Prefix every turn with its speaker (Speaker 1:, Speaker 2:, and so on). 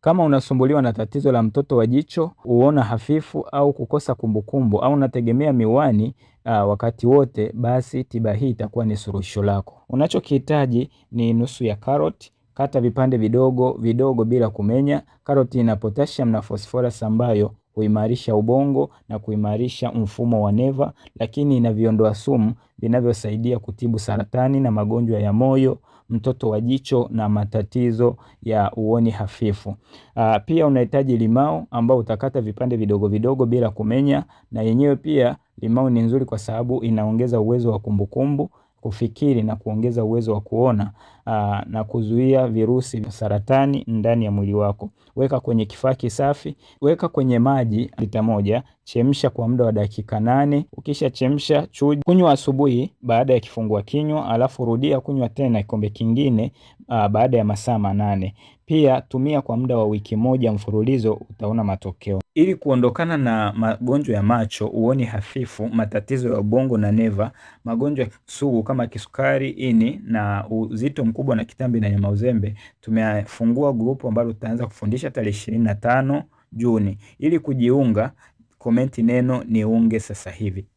Speaker 1: Kama unasumbuliwa na tatizo la mtoto wa jicho, uona hafifu au kukosa kumbukumbu au unategemea miwani uh, wakati wote, basi tiba hii itakuwa ni suluhisho lako. Unachokihitaji ni nusu ya karoti, kata vipande vidogo vidogo bila kumenya. Karoti ina potassium na phosphorus ambayo huimarisha ubongo na kuimarisha mfumo wa neva, lakini ina viondoa sumu vinavyosaidia kutibu saratani na magonjwa ya moyo mtoto wa jicho na matatizo ya uoni hafifu. Aa, ah, pia unahitaji limau ambao utakata vipande vidogo vidogo bila kumenya, na yenyewe pia limau ni nzuri kwa sababu inaongeza uwezo wa kumbukumbu, kufikiri na kuongeza uwezo wa kuona aa, ah, na kuzuia virusi saratani ndani ya mwili wako. Weka kwenye kifaa kisafi, weka kwenye maji lita moja chemsha kwa muda wa dakika nane. Ukisha chemsha chuja, kunywa asubuhi baada ya kifungua kinywa, alafu rudia kunywa tena kikombe kingine uh, baada ya masaa manane. Pia tumia kwa muda wa wiki moja mfululizo, utaona matokeo.
Speaker 2: Ili kuondokana na magonjwa ya macho, uoni hafifu, matatizo ya ubongo na neva, magonjwa sugu kama kisukari, ini na uzito mkubwa na kitambi na nyama uzembe, tumefungua grupu ambalo tutaanza kufundisha tarehe ishirini na tano Juni ili kujiunga Komenti neno niunge sasa hivi.